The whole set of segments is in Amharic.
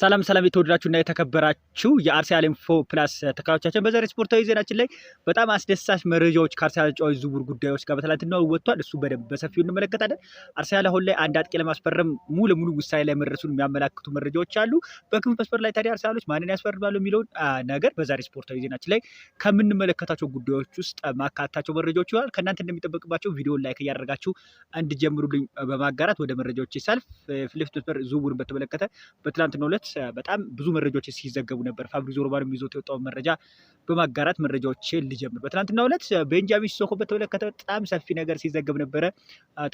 ሰላም ሰላም የተወደዳችሁ እና የተከበራችሁ የአርሰናል ኢንፎ ፕላስ ተከታዮቻችን በዛሬ ስፖርታዊ ዜናችን ላይ በጣም አስደሳች መረጃዎች ከአርሰናል ተጫዋች ዝውውር ጉዳዮች ጋር በትላንትናው ወጥቷል። እሱ በደንብ በሰፊው እንመለከታለን። አርሰናል አሁን ላይ አንድ አጥቂ ለማስፈረም ሙሉ ለሙሉ ውሳኔ ላይ መድረሱን የሚያመላክቱ መረጃዎች አሉ። በክንፍ መስመር ላይ ታዲያ አርሰናሎች ማንን ያስፈርማሉ የሚለውን ነገር በዛሬ ስፖርታዊ ዜናችን ላይ ከምንመለከታቸው ጉዳዮች ውስጥ ማካታቸው መረጃዎች ይሆናል። ከእናንተ እንደሚጠበቅባቸው ቪዲዮን ላይክ እያደረጋችሁ እንድጀምሩልኝ በማጋራት ወደ መረጃዎች ይሳልፍ። ፊት ለፊት መስመር ዝውውርን በተመለከተ በትላንትናው በማጋራት በጣም ብዙ መረጃዎች ሲዘገቡ ነበር። ፋብሪዚዮ ሮማኖ ይዞት የወጣውን መረጃ በማጋራት መረጃዎችን ልጀምር። በትናንትናው ዕለት ቤንጃሚን ሲስኮን በተመለከተ በጣም ሰፊ ነገር ሲዘገብ ነበረ።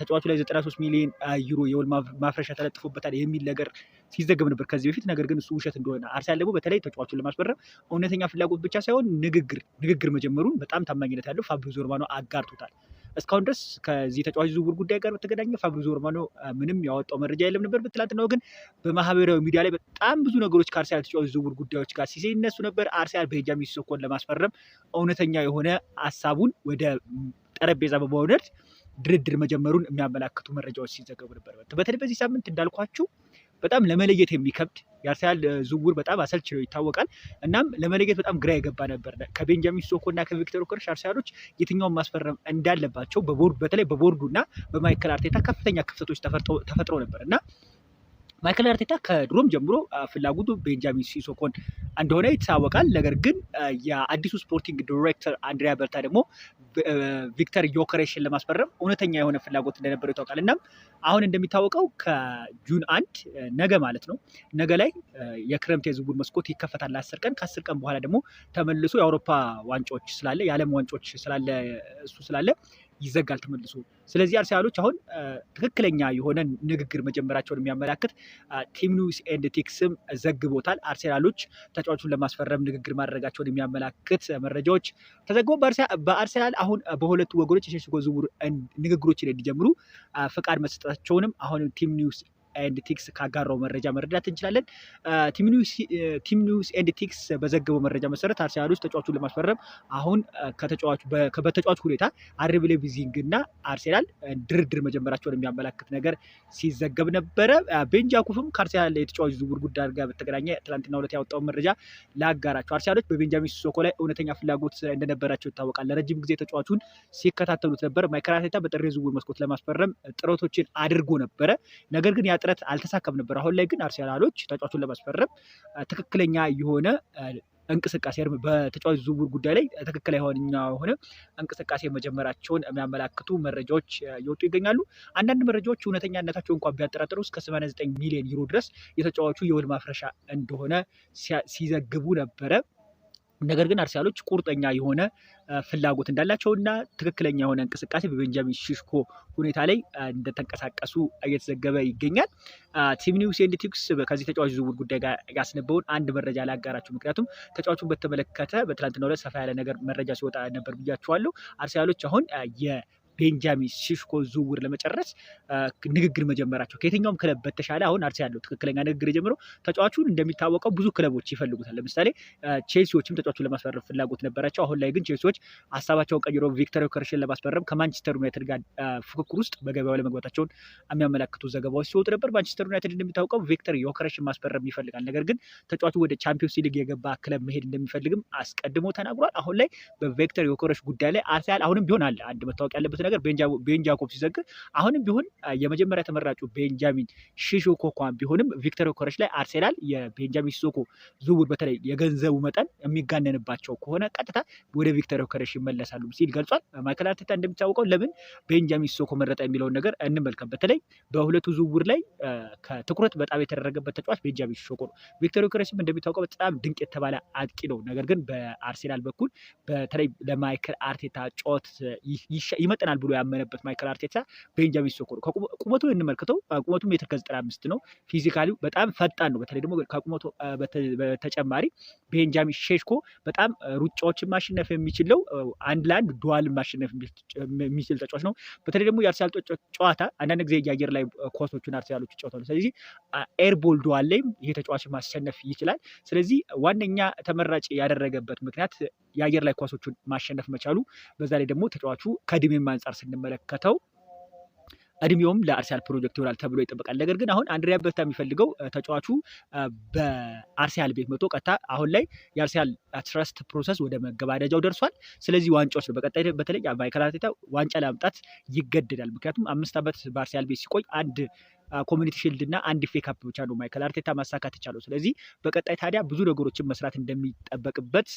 ተጫዋቹ ላይ 93 ሚሊዮን ዩሮ የውል ማፍረሻ ተለጥፎበታል የሚል ነገር ሲዘገብ ነበር ከዚህ በፊት ነገር ግን እሱ ውሸት እንደሆነ አርሰናል ደግሞ በተለይ ተጫዋቹን ለማስፈረም እውነተኛ ፍላጎት ብቻ ሳይሆን ንግግር ንግግር መጀመሩን በጣም ታማኝነት ያለው ፋብሪዚዮ ሮማኖ አጋርቶታል። እስካሁን ድረስ ከዚህ ተጫዋች ዝውውር ጉዳይ ጋር በተገናኘ ፋብሪዚዮ ሮማኖ ምንም ያወጣው መረጃ የለም ነበር። በትላንትናው ግን በማህበራዊ ሚዲያ ላይ በጣም ብዙ ነገሮች ከአርሰናል ተጫዋች ዝውውር ጉዳዮች ጋር ሲሴ ይነሱ ነበር። አርሰናል ቤንጃሚን ሲስኮን ለማስፈረም እውነተኛ የሆነ ሀሳቡን ወደ ጠረጴዛ በማውረድ ድርድር መጀመሩን የሚያመላክቱ መረጃዎች ሲዘገቡ ነበር። በተለይ በዚህ ሳምንት እንዳልኳችሁ በጣም ለመለየት የሚከብድ የአርሰናል ዝውውር በጣም አሰልች ነው ይታወቃል። እናም ለመለየት በጣም ግራ የገባ ነበር። ከቤንጃሚን ሲስኮ እና ከቪክተር ዮከረስ አርሰናሎች የትኛውን ማስፈረም እንዳለባቸው በቦርዱ በተለይ በቦርዱ እና በማይከል አርቴታ ከፍተኛ ክፍተቶች ተፈጥሮ ነበር እና ማይክል አርቴታ ከድሮም ጀምሮ ፍላጎቱ ቤንጃሚን ሲሶኮን እንደሆነ ይታወቃል። ነገር ግን የአዲሱ ስፖርቲንግ ዲሬክተር አንድሪያ በርታ ደግሞ ቪክተር ዮከሬሽን ለማስፈረም እውነተኛ የሆነ ፍላጎት እንደነበረው ይታወቃል። እናም አሁን እንደሚታወቀው ከጁን አንድ ነገ ማለት ነው ነገ ላይ የክረምት የዝውውር መስኮት ይከፈታል ለአስር ቀን ከአስር ቀን በኋላ ደግሞ ተመልሶ የአውሮፓ ዋንጫዎች ስላለ የዓለም ዋንጫዎች ስላለ እሱ ስላለ ይዘጋል ተመልሶ። ስለዚህ አርሰናሎች አሁን ትክክለኛ የሆነ ንግግር መጀመራቸውን የሚያመላክት ቲም ኒውስ ኤንድ ዘግቦታል። አርሰናሎች ተጫዋቹን ለማስፈረም ንግግር ማድረጋቸውን የሚያመላክት መረጃዎች ተዘግቦ በአርሰናል አሁን በሁለቱ ወገኖች የሸሽጎ ዝውውር ንግግሮችን እንዲጀምሩ ፈቃድ መሰጠታቸውንም አሁን ቲም ኒውስ ኤንድ ቲክስ ካጋራው መረጃ መረዳት እንችላለን። ቲም ኒውስ ኤንድ ቲክስ በዘገበው መረጃ መሰረት ውስጥ ተጫዋቹን ለማስፈረም አሁን በተጫዋቹ ሁኔታ አርቢ እና አርሴናል ድርድር መጀመራቸውን የሚያመላክት ነገር ሲዘገብ ነበረ። ቤንጃኩፍም ጃኮብም ከአርሴናል የተጫዋች ዝውውር ጉዳይ ጋር በተገናኘ ትላንትና ሁለት ያወጣው መረጃ ላጋራቸው። አርሴናሎች በቤንጃሚን ሲሶኮ ላይ እውነተኛ ፍላጎት እንደነበራቸው ይታወቃል። ለረጅም ጊዜ ተጫዋቹን ሲከታተሉት ነበር። ማይከል አርቴታ በጥር ዝውውር መስኮት ለማስፈረም ጥረቶችን አድርጎ ነበረ። ነገር ግን ጥረት አልተሳካም ነበር። አሁን ላይ ግን አርሴናሎች ተጫዋቹን ለማስፈረም ትክክለኛ የሆነ እንቅስቃሴ በተጫዋች ዝውውር ጉዳይ ላይ ትክክል የሆነኛ የሆነ እንቅስቃሴ መጀመራቸውን የሚያመላክቱ መረጃዎች እየወጡ ይገኛሉ። አንዳንድ መረጃዎች እውነተኛነታቸው እንኳን ቢያጠራጥሩ እስከ 89 ሚሊዮን ዩሮ ድረስ የተጫዋቹ የውል ማፍረሻ እንደሆነ ሲዘግቡ ነበረ። ነገር ግን አርሰናሎች ቁርጠኛ የሆነ ፍላጎት እንዳላቸውና ትክክለኛ የሆነ እንቅስቃሴ በቤንጃሚን ሽሽኮ ሁኔታ ላይ እንደተንቀሳቀሱ እየተዘገበ ይገኛል። ቲም ኒውስ ኤንድ ቲክስ ከዚህ ተጫዋች ዝውውር ጉዳይ ጋር ያስነበውን አንድ መረጃ ላጋራችሁ። ምክንያቱም ተጫዋቹን በተመለከተ በትናንትናው ዕለት ሰፋ ያለ ነገር መረጃ ሲወጣ ነበር ብያችኋለሁ። አርሰናሎች አሁን ቤንጃሚን ሼሽኮ ዝውውር ለመጨረስ ንግግር መጀመራቸው ከየትኛውም ክለብ በተሻለ አሁን አርሴ ያለው ትክክለኛ ንግግር የጀመረው ተጫዋቹን እንደሚታወቀው ብዙ ክለቦች ይፈልጉታል። ለምሳሌ ቼልሲዎችም ተጫዋቹን ለማስፈረም ፍላጎት ነበራቸው። አሁን ላይ ግን ቼልሲዎች ሀሳባቸውን ቀይሮ ቪክተር ዮከረስን ለማስፈረም ከማንቸስተር ዩናይትድ ጋር ፉክክር ውስጥ በገበያው ለመግባታቸውን የሚያመላክቱ ዘገባዎች ሲወጡ ነበር። ማንቸስተር ዩናይትድ እንደሚታወቀው ቪክተር ዮከረስን ማስፈረም ይፈልጋል። ነገር ግን ተጫዋቹ ወደ ቻምፒዮንስ ሊግ የገባ ክለብ መሄድ እንደሚፈልግም አስቀድሞ ተናግሯል። አሁን ላይ በቪክተር ዮከረስ ጉዳይ ላይ አርሰናል አሁንም ቢሆን አለ አንድ መታወቅ ያለበት ነገር ቤን ጃኮብ ሲዘግብ አሁንም ቢሆን የመጀመሪያ ተመራጩ ቤንጃሚን ሺሾኮ እንኳን ቢሆንም ቪክተር ኮረች ላይ አርሴናል የቤንጃሚን ሲሶኮ ዝውውር በተለይ የገንዘቡ መጠን የሚጋነንባቸው ከሆነ ቀጥታ ወደ ቪክተር ኮረሽ ይመለሳሉ ሲል ገልጿል። ማይክል አርቴታ እንደሚታወቀው ለምን ቤንጃሚን ሲሶኮ መረጠ የሚለውን ነገር እንመልከም። በተለይ በሁለቱ ዝውውር ላይ ከትኩረት በጣም የተደረገበት ተጫዋች ቤንጃሚን ሲሶኮ ነው። ቪክተር ኮረሽም እንደሚታወቀው በጣም ድንቅ የተባለ አጥቂ ነው። ነገር ግን በአርሴናል በኩል በተለይ ለማይክል አርቴታ ጨዋታ ይመጠናል ይችላል ብሎ ያመነበት ማይክል አርቴታ ቤንጃሚን ነው። ቁመቱ እንመልከተው። ቁመቱ ሜትር ከዘጠና አምስት ነው። ፊዚካሊ በጣም ፈጣን ነው። በተለይ ደግሞ ከቁመቱ በተጨማሪ ቤንጃሚን ሼሽኮ በጣም ሩጫዎችን ማሸነፍ የሚችለው አንድ ለአንድ ዱዋልን ማሸነፍ የሚችል ተጫዋች ነው። በተለይ ደግሞ የአርሰናል ጨዋታ አንዳንድ ጊዜ የአየር ላይ ኳሶቹን አርሰናሎች ይጫወታሉ። ስለዚህ ኤርቦል ዱዋል ላይም ይሄ ተጫዋች ማሸነፍ ይችላል። ስለዚህ ዋነኛ ተመራጭ ያደረገበት ምክንያት የአየር ላይ ኳሶቹን ማሸነፍ መቻሉ፣ በዛ ላይ ደግሞ ተጫዋቹ ከእድሜም አንጻር አንጻር ስንመለከተው እድሜውም ለአርሲያል ፕሮጀክት ይሆናል ተብሎ ይጠበቃል። ነገር ግን አሁን አንድሪያ በርታ የሚፈልገው ተጫዋቹ በአርሲያል ቤት መቶ ቀጥታ አሁን ላይ የአርሲያል ትረስት ፕሮሰስ ወደ መገባደጃው ደርሷል። ስለዚህ ዋንጫዎች ነው። በቀጣይ በተለይ ማይከል አርቴታ ዋንጫ ለማምጣት ይገደዳል። ምክንያቱም አምስት ዓመት በአርሲያል ቤት ሲቆይ አንድ ኮሚኒቲ ሺልድ እና አንድ ፌ ካፕ ብቻ ነው ማይከል አርቴታ ማሳካት የቻለው። ስለዚህ በቀጣይ ታዲያ ብዙ ነገሮችን መስራት እንደሚጠበቅበት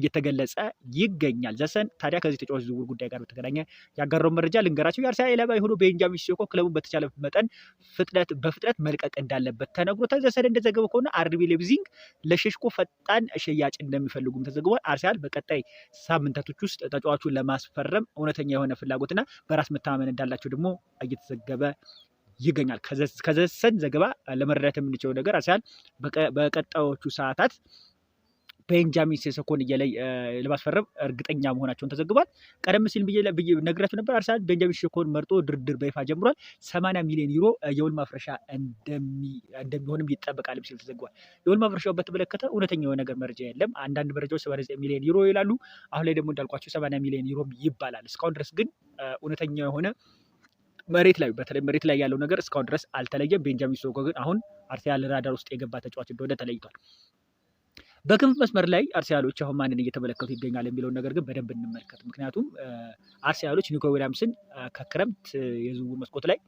እየተገለጸ ይገኛል። ዘሰን ታዲያ ከዚህ ተጫዋች ዝውውር ጉዳይ ጋር በተገናኘ ያጋራው መረጃ ልንገራቸው። የአርሰናል ኢላማ የሆነው ቤንጃሚን ሲስኮ ክለቡን በተቻለ መጠን ፍጥነት በፍጥነት መልቀቅ እንዳለበት ተነግሮታል። ዘሰን እንደዘገበው ከሆነ አርቢ ሌብዚንግ ለሸሽኮ ፈጣን ሽያጭ እንደሚፈልጉም ተዘግቧል። አርሰናል በቀጣይ ሳምንታቶች ውስጥ ተጫዋቹን ለማስፈረም እውነተኛ የሆነ ፍላጎትና በራስ መተማመን እንዳላቸው ደግሞ እየተዘገበ ይገኛል። ከዘሰን ዘገባ ለመረዳት የምንችለው ነገር አርሰናል በቀጣዮቹ ሰዓታት ቤንጃሚን እየላይ ለማስፈረም እርግጠኛ መሆናቸውን ተዘግቧል። ቀደም ሲል ብዬ ነበር። አርሰናል ቤንጃሚን ሴሰኮን መርጦ ድርድር በይፋ ጀምሯል። 80 ሚሊዮን ዩሮ የውል ማፍረሻ እንደሚሆንም ይጠበቃል ሲል ተዘግቧል። የውል ማፍረሻው በተመለከተ እውነተኛ የሆነ ነገር መረጃ የለም። አንዳንድ መረጃዎች 79 ሚሊዮን ዩሮ ይላሉ። አሁን ላይ ደግሞ እንዳልኳቸው 80 ሚሊዮን ዩሮ ይባላል። እስካሁን ድረስ ግን እውነተኛ የሆነ መሬት ላይ በተለይ መሬት ላይ ያለው ነገር እስካሁን ድረስ አልተለየም። ቤንጃሚን ሲስኮ ግን አሁን አርሰናል ራዳር ውስጥ የገባ ተጫዋች እንደሆነ ተለይቷል። በክንፍ መስመር ላይ አርሰናሎች አሁን ማንን እየተመለከቱ ይገኛል የሚለውን ነገር ግን በደንብ እንመልከት። ምክንያቱም አርሰናሎች ኒኮ ዊሊያምስን ከክረምት የዝውውር መስኮት ላይ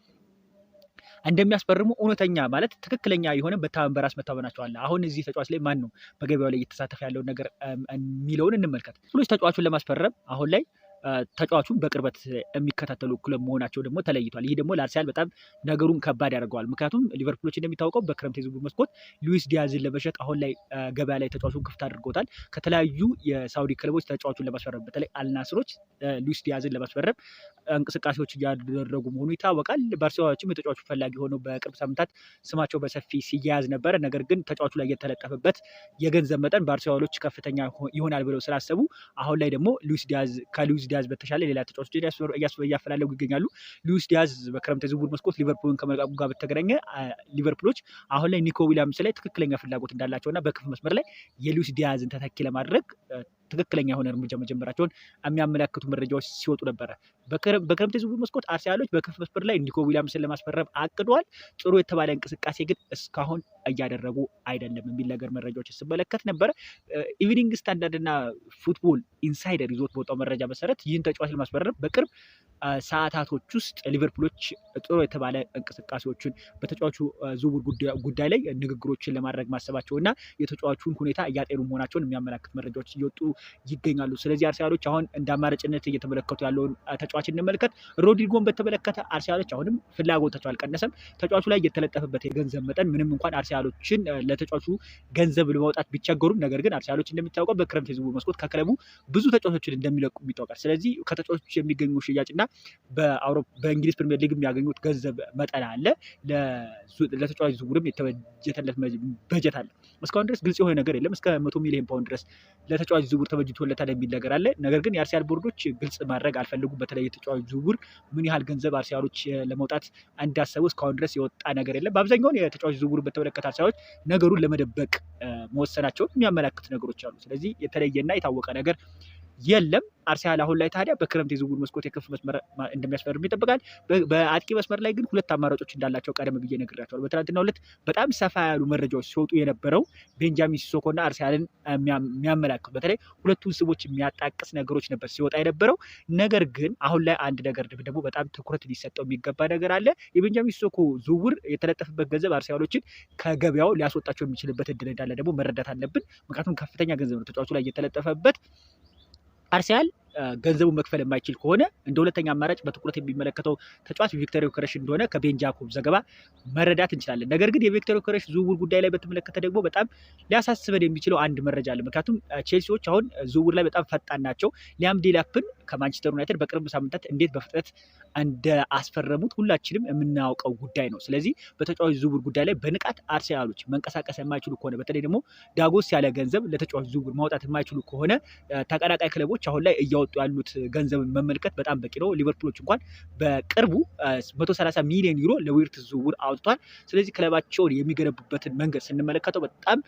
እንደሚያስፈርሙ እውነተኛ ማለት ትክክለኛ የሆነ መታመን በራስ መታመናቸው አለ። አሁን እዚህ ተጫዋች ላይ ማን ነው በገበያው ላይ እየተሳተፈ ያለውን ነገር የሚለውን እንመልከት። ሎች ተጫዋቹን ለማስፈረም አሁን ላይ ተጫዋቹን በቅርበት የሚከታተሉ ክለብ መሆናቸው ደግሞ ተለይቷል። ይህ ደግሞ ለአርሰናል በጣም ነገሩን ከባድ ያደርገዋል። ምክንያቱም ሊቨርፑሎች እንደሚታወቀው በክረምት የዝውውር መስኮት ሉዊስ ዲያዝን ለመሸጥ አሁን ላይ ገበያ ላይ ተጫዋቹን ክፍት አድርጎታል። ከተለያዩ የሳውዲ ክለቦች ተጫዋቹን ለማስፈረም በተለይ አልናስሮች ሉዊስ ዲያዝን ለማስፈረም እንቅስቃሴዎች እያደረጉ መሆኑ ይታወቃል። ባርሴሎናዎችም የተጫዋቹ ፈላጊ ሆነው በቅርብ ሳምንታት ስማቸው በሰፊ ሲያያዝ ነበረ። ነገር ግን ተጫዋቹ ላይ የተለጠፈበት የገንዘብ መጠን ባርሴሎናዎች ከፍተኛ ይሆናል ብለው ስላሰቡ አሁን ላይ ደግሞ ሉዊስ ዲያዝ ከሉዊስ ዲያዝ በተሻለ ሌላ ተጫዋች እያፈላለጉ ይገኛሉ። ሉዊስ ዲያዝ በክረምት ዝውውር መስኮት ሊቨርፑልን ከመልቀቁ ጋር በተገናኘ ሊቨርፑሎች አሁን ላይ ኒኮ ዊሊያምስ ላይ ትክክለኛ ፍላጎት እንዳላቸውና በክፍ መስመር ላይ የሉዊስ ዲያዝን ተተኪ ለማድረግ ትክክለኛ የሆነ እርምጃ መጀመራቸውን የሚያመላክቱ መረጃዎች ሲወጡ ነበረ። በክረምት የዝውውር መስኮት አርሰናሎች በክፍት መስመር ላይ ኒኮ ዊሊያምስን ለማስፈረም አቅዷል። ጥሩ የተባለ እንቅስቃሴ ግን እስካሁን እያደረጉ አይደለም የሚል ነገር መረጃዎች ስመለከት ነበረ። ኢቪኒንግ ስታንዳርድ እና ፉትቦል ኢንሳይደር ይዞት በወጣው መረጃ መሰረት ይህን ተጫዋች ለማስፈረም በቅርብ ሰዓታቶች ውስጥ ሊቨርፑሎች ጥሩ የተባለ እንቅስቃሴዎችን በተጫዋቹ ዝውውር ጉዳይ ላይ ንግግሮችን ለማድረግ ማሰባቸው እና የተጫዋቹን ሁኔታ እያጤኑ መሆናቸውን የሚያመላክት መረጃዎች እየወጡ ይገኛሉ። ስለዚህ አርሰናሎች አሁን እንደ አማራጭነት እየተመለከቱ ያለውን ተጫዋች እንመልከት። ሮድሪጎን በተመለከተ አርሰናሎች አሁንም ፍላጎታቸው አልቀነሰም። ተጫዋቹ ላይ የተለጠፈበት የገንዘብ መጠን ምንም እንኳን አርሰናሎችን ለተጫዋቹ ገንዘብ ለማውጣት ቢቸገሩም፣ ነገር ግን አርሰናሎች እንደሚታወቀው በክረምት የዝውውር መስኮት ከክለቡ ብዙ ተጫዋቾችን እንደሚለቁ ይታወቃል። ስለዚህ ከተጫዋቾች የሚገኙ ሽያጭና በእንግሊዝ ፕሪሚየር ሊግ የሚያገኙት ገንዘብ መጠን አለ። ለተጫዋች ዝውውርም የተበጀተለት በጀት አለ። እስካሁን ድረስ ግልጽ የሆነ ነገር የለም። እስከ መቶ ሚሊዮን ፓውንድ ድረስ ለተጫዋች ዝውውር ዝውውር ተበጅቶለታል የሚል ነገር አለ። ነገር ግን የአርሲያል ቦርዶች ግልጽ ማድረግ አልፈልጉም። በተለይ የተጫዋች ዝውውር ምን ያህል ገንዘብ አርሲያሎች ለመውጣት እንዳሰቡ እስካሁን ድረስ የወጣ ነገር የለም። በአብዛኛውን የተጫዋች ዝውውር በተመለከተ አርሰናሎች ነገሩን ለመደበቅ መወሰናቸውን የሚያመላክት ነገሮች አሉ። ስለዚህ የተለየና የታወቀ ነገር የለም። አርሰናል አሁን ላይ ታዲያ በክረምት የዝውውር መስኮት የክፍ መስመር እንደሚያስፈርም ይጠብቃል። በአጥቂ መስመር ላይ ግን ሁለት አማራጮች እንዳላቸው ቀደም ብዬ ነግሬያቸዋለሁ። በትናንትና ሁለት በጣም ሰፋ ያሉ መረጃዎች ሲወጡ የነበረው ቤንጃሚን ሲሶኮና አርሰናልን የሚያመላክቱ በተለይ ሁለቱን ስቦች የሚያጣቅስ ነገሮች ነበር ሲወጣ የነበረው። ነገር ግን አሁን ላይ አንድ ነገር ደግሞ በጣም ትኩረት ሊሰጠው የሚገባ ነገር አለ። የቤንጃሚን ሲሶኮ ዝውውር የተለጠፈበት ገንዘብ አርሰናሎችን ከገበያው ሊያስወጣቸው የሚችልበት እድል እንዳለ ደግሞ መረዳት አለብን። ምክንያቱም ከፍተኛ ገንዘብ ነው ተጫዋቹ ላይ የተለጠፈበት Arsenal ገንዘቡ መክፈል የማይችል ከሆነ እንደ ሁለተኛ አማራጭ በትኩረት የሚመለከተው ተጫዋች ቪክተር ዮከረስ እንደሆነ ከቤን ጃኮብ ዘገባ መረዳት እንችላለን። ነገር ግን የቪክተር ዮከረስ ዝውውር ጉዳይ ላይ በተመለከተ ደግሞ በጣም ሊያሳስበን የሚችለው አንድ መረጃ አለ። ምክንያቱም ቼልሲዎች አሁን ዝውውር ላይ በጣም ፈጣን ናቸው። ሊያም ዴላፕን ከማንቸስተር ዩናይትድ በቅርብ ሳምንታት እንዴት በፍጥነት እንደ አስፈረሙት ሁላችንም የምናውቀው ጉዳይ ነው። ስለዚህ በተጫዋች ዝውውር ጉዳይ ላይ በንቃት አርሴናሎች መንቀሳቀስ የማይችሉ ከሆነ በተለይ ደግሞ ዳጎስ ያለ ገንዘብ ለተጫዋች ዝውውር ማውጣት የማይችሉ ከሆነ ተቀናቃይ ክለቦች አሁን ላይ እያወጡ እያወጡ ያሉት ገንዘብ መመልከት በጣም በቂ ነው። ሊቨርፑሎች እንኳን በቅርቡ 130 ሚሊዮን ዩሮ ለዊርት ዝውውር አውጥቷል። ስለዚህ ክለባቸውን የሚገነቡበትን መንገድ ስንመለከተው በጣም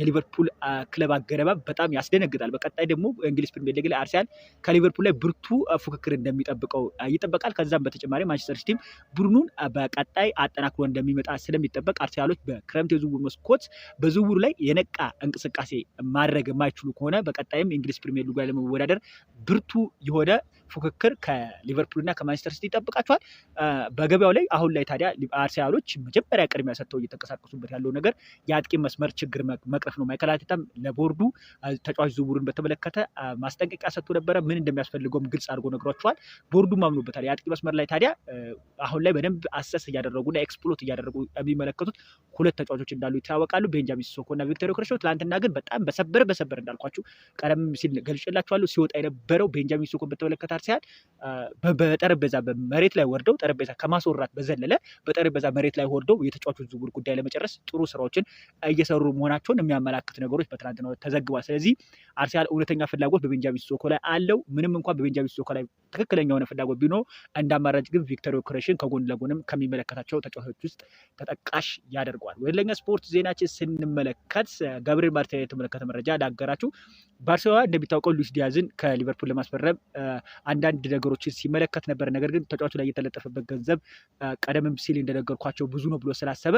የሊቨርፑል ክለብ አገረባ በጣም ያስደነግጣል። በቀጣይ ደግሞ እንግሊዝ ፕሪሚየር ሊግ ላይ አርሰናል ከሊቨርፑል ላይ ብርቱ ፉክክር እንደሚጠብቀው ይጠበቃል። ከዛም በተጨማሪ ማንቸስተር ሲቲም ቡድኑን በቀጣይ አጠናክሮ እንደሚመጣ ስለሚጠበቅ አርሰናሎች በክረምት የዝውውር መስኮት በዝውውሩ ላይ የነቃ እንቅስቃሴ ማድረግ የማይችሉ ከሆነ በቀጣይም እንግሊዝ ፕሪሚየር ሊግ ላይ ለመወዳደር ብርቱ የሆነ ፉክክር እና ከማንቸስተር ሲቲ ይጠብቃቸዋል። በገበያው ላይ አሁን ላይ ታዲያ አርሰናሎች መጀመሪያ ቅድሚያ ሰጥተው እየተንቀሳቀሱበት ያለው ነገር የአጥቂ መስመር ችግር መቅረፍ ነው። ማይከል አርቴታም ለቦርዱ ተጫዋች ዝውውሩን በተመለከተ ማስጠንቀቂያ ሰጥቶ ነበረ። ምን እንደሚያስፈልገውም ግልጽ አድርጎ ነግሯቸዋል። ቦርዱም አምኖበታል። የአጥቂ መስመር ላይ ታዲያ አሁን ላይ በደንብ አሰስ እያደረጉና ኤክስፕሎት እያደረጉ የሚመለከቱት ሁለት ተጫዋቾች እንዳሉ ይታወቃሉ፣ ቤንጃሚን ሲሶኮና ቪክቶሪ ክረሾ። ትላንትና ግን በጣም በሰበር በሰበር እንዳልኳችሁ ቀደም ሲል ገልጬላችኋለሁ ሲወጣ የነበረው ቤንጃሚን ሲሶኮን በተመለከተ አርሰናል በጠረጴዛ መሬት ላይ ወርደው ጠረጴዛ ከማስወራት በዘለለ በጠረጴዛ መሬት ላይ ወርደው የተጫዋቾች ዝውውር ጉዳይ ለመጨረስ ጥሩ ስራዎችን እየሰሩ መሆናቸውን የሚያመላክት ነገሮች በትናንትናው ተዘግቧል። ስለዚህ አርሲያል እውነተኛ ፍላጎት በቤንጃሚን ሲስኮ ላይ አለው። ምንም እንኳን በቤንጃሚን ሲስኮ ላይ ትክክለኛ የሆነ ፍላጎት ቢኖር እንደ አማራጭ ግን ቪክተር ዮከረስን ከጎን ለጎንም ከሚመለከታቸው ተጫዋቾች ውስጥ ተጠቃሽ ያደርገዋል። ወደ ለኛ ስፖርት ዜናችን ስንመለከት ገብርኤል ማርቲኔሊ የተመለከተ መረጃ ላገራችሁ። ባርሴሎና እንደሚታወቀው ሉዊስ ዲያዝን ከሊቨርፑል ለማስፈረም አንዳንድ ነገሮችን ሲመለከት ነበር። ነገር ግን ተጫዋቹ ላይ የተለጠፈበት ገንዘብ ቀደምም ሲል እንደነገርኳቸው ብዙ ነው ብሎ ስላሰበ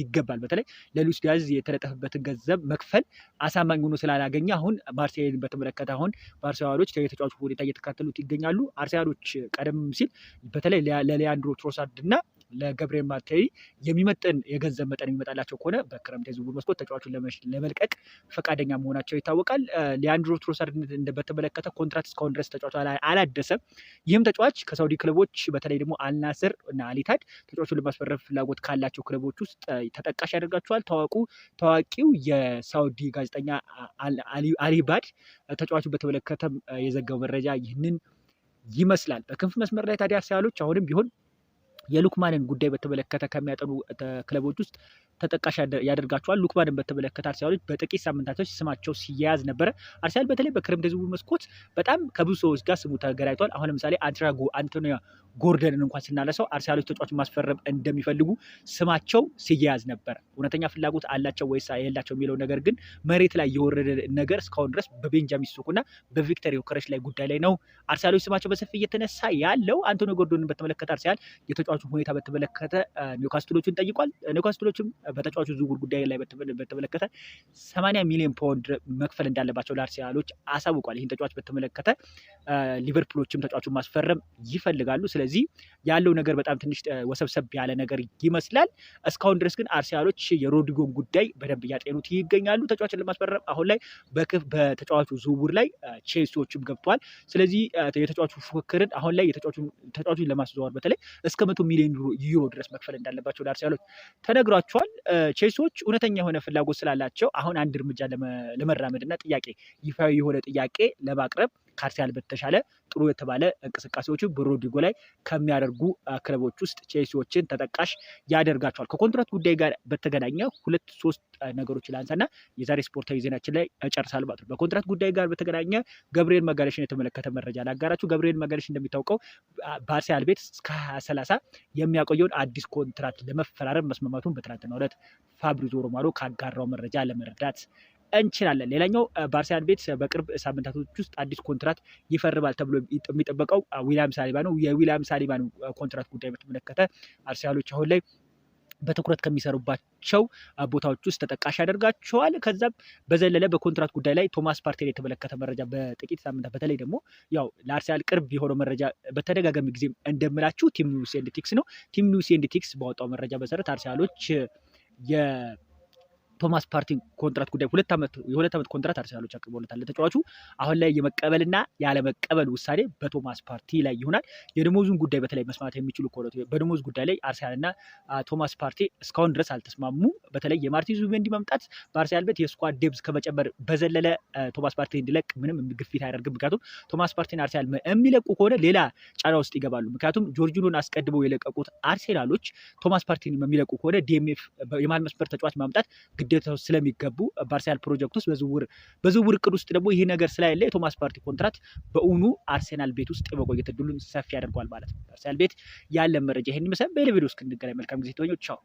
ይገባል። በተለይ ለሉዊስ ዲያዝ የተለጠፈበትን ገንዘብ መክፈል አሳማኝ ሆኖ ስላላገኘ አሁን ማርሴልን በተመለከተ አሁን ባርሴዋሎች የተጫዋቹ ሁኔታ እየተካተሉት ይገኛሉ። አርሴናሎች ቀደምም ሲል በተለይ ለሊያንድሮ ትሮሳርድ እና ለገብርኤል ማቴይ የሚመጥን የገንዘብ መጠን የሚመጣላቸው ከሆነ በክረምት የዝውውር መስኮት ተጫዋቹን ለመልቀቅ ፈቃደኛ መሆናቸው ይታወቃል። ሊያንድሮ ትሮሳርድን በተመለከተ ኮንትራት እስካሁን ድረስ ተጫዋቹ አላደሰም። ይህም ተጫዋች ከሳውዲ ክለቦች በተለይ ደግሞ አልናስር እና አሊታድ ተጫዋቹን ለማስፈረፍ ፍላጎት ካላቸው ክለቦች ውስጥ ተጠቃሽ ያደርጋቸዋል። ታዋቁ ታዋቂው የሳውዲ ጋዜጠኛ አሊባድ ተጫዋቹን በተመለከተ የዘገበው መረጃ ይህንን ይመስላል። በክንፍ መስመር ላይ ታዲያ ሲያሎች አሁንም ቢሆን የሉክማንን ጉዳይ በተመለከተ ከሚያጠኑ ክለቦች ውስጥ ተጠቃሽ ያደርጋቸዋል። ሉክማንን በተመለከተ አርሰናሎች በጥቂት ሳምንታቶች ስማቸው ሲያያዝ ነበረ። አርሰናል በተለይ በክረምት የዝውውር መስኮት በጣም ከብዙ ሰዎች ጋር ስሙ ተገናኝቷል። አሁን ለምሳሌ አንትራጉ አንቶኒያ ጎርደንን እንኳን ስናነሳው አርሰናሎች ተጫዋች ማስፈረም እንደሚፈልጉ ስማቸው ሲያያዝ ነበር። እውነተኛ ፍላጎት አላቸው ወይስ የላቸው የሚለው ነገር ግን መሬት ላይ የወረደ ነገር እስካሁን ድረስ በቤንጃሚን ሲስኮና በቪክተር ዮከረስ ላይ ጉዳይ ላይ ነው አርሰናሎች ስማቸው በሰፊ እየተነሳ ያለው። አንቶኒ ጎርዶንን በተመለከተ አርሰናል የተጫዋቹ ሁኔታ በተመለከተ ኒውካስትሎችን ጠይቋል። ኒውካስትሎችም በተጫዋቹ ዝውውር ጉዳይ ላይ በተመለከተ 80 ሚሊዮን ፓውንድ መክፈል እንዳለባቸው ለአርሰናሎች አሳውቋል። ይህን ተጫዋች በተመለከተ ሊቨርፑሎችም ተጫዋቹን ማስፈረም ይፈልጋሉ። ስለ ስለዚህ ያለው ነገር በጣም ትንሽ ወሰብሰብ ያለ ነገር ይመስላል። እስካሁን ድረስ ግን አርሲያሎች የሮድሪጎን ጉዳይ በደንብ እያጤኑት ይገኛሉ። ተጫዋችን ለማስፈረም አሁን ላይ በተጫዋቹ ዝውውር ላይ ቼልሲዎችም ገብተዋል። ስለዚህ የተጫዋቹ ፉክክርን አሁን ላይ ተጫዋቹን ለማስዘዋወር በተለይ እስከ መቶ ሚሊዮን ዩሮ ድረስ መክፈል እንዳለባቸው ለአርሰናሎች ተነግሯቸዋል። ቼልሲዎች እውነተኛ የሆነ ፍላጎት ስላላቸው አሁን አንድ እርምጃ ለመራመድ እና ጥያቄ ይፋዊ የሆነ ጥያቄ ለማቅረብ ከአርሰናል በተሻለ ጥሩ የተባለ እንቅስቃሴዎቹ በሮድሪጎ ላይ ከሚያደርጉ ክለቦች ውስጥ ቼልሲዎችን ተጠቃሽ ያደርጋቸዋል። ከኮንትራት ጉዳይ ጋር በተገናኘ ሁለት ሶስት ነገሮች ላንሳና የዛሬ ስፖርታዊ ዜናችን ላይ ጨርሳል ማለት ነው። በኮንትራት ጉዳይ ጋር በተገናኘ ገብርኤል መጋለሽን የተመለከተ መረጃ ላጋራችሁ። ገብርኤል መጋለሽ እንደሚታወቀው በአርሰናል ቤት እስከ ሀያ ሰላሳ የሚያቆየውን አዲስ ኮንትራት ለመፈራረም መስማማቱን በትናንትናው ዕለት ፋብሪዞ ሮማኖ ካጋራው መረጃ ለመረዳት እንችላለን። ሌላኛው ባርሲያን ቤት በቅርብ ሳምንታቶች ውስጥ አዲስ ኮንትራት ይፈርማል ተብሎ የሚጠበቀው ዊሊያም ሳሊባ ነው። የዊሊያም ሳሊባን ኮንትራት ጉዳይ በተመለከተ አርሰናሎች አሁን ላይ በትኩረት ከሚሰሩባቸው ቦታዎች ውስጥ ተጠቃሽ ያደርጋቸዋል። ከዛም በዘለለ በኮንትራት ጉዳይ ላይ ቶማስ ፓርቴን የተመለከተ መረጃ በጥቂት ሳምንታት በተለይ ደግሞ ያው ለአርሰናል ቅርብ የሆነው መረጃ በተደጋጋሚ ጊዜ እንደምላችሁ ቲም ኒውስ ኤንድ ቲክስ ነው። ቲም ኒውስ ኤንድ ቲክስ ባወጣው መረጃ መሰረት አርሰናሎች ቶማስ ፓርቲ ኮንትራት ጉዳይ ሁለት ዓመት የሁለት ዓመት ኮንትራት አርሰናሎች አቅርቦለታል። ለተጫዋቹ አሁን ላይ የመቀበልና ያለመቀበል ውሳኔ በቶማስ ፓርቲ ላይ ይሆናል። የደሞዙን ጉዳይ በተለይ መስማት የሚችሉ ከሆነ በደሞዝ ጉዳይ ላይ አርሰናልና ቶማስ ፓርቲ እስካሁን ድረስ አልተስማሙም። በተለይ የማርቲን ዙቢሜንዲ መምጣት በአርሰናል ቤት የስኳድ ዴብዝ ከመጨመር በዘለለ ቶማስ ፓርቲ እንዲለቅ ምንም ግፊት አያደርግም። ምክንያቱም ቶማስ ፓርቲን አርሰናል የሚለቁ ከሆነ ሌላ ጫና ውስጥ ይገባሉ። ምክንያቱም ጆርጂኖን አስቀድመው የለቀቁት አርሴናሎች ቶማስ ፓርቲን የሚለቁ ከሆነ ዲኤምኤፍ የመሃል መስመር ተጫዋች ማምጣት ግዴታ ውስጥ ስለሚገቡ በአርሴናል ፕሮጀክት ውስጥ በዝውውር በዝውውር እቅድ ውስጥ ደግሞ ይህ ነገር ስለሌለ የቶማስ ፓርቲ ኮንትራት በእውኑ አርሴናል ቤት ውስጥ የመቆየት እድሉን ሰፊ ያደርገዋል ማለት ነው። አርሴናል ቤት ያለን መረጃ ይህን ይመስላል። በሌላ ቪዲዮ እስክንገናኝ መልካም ጊዜ ተወኞች። ቻው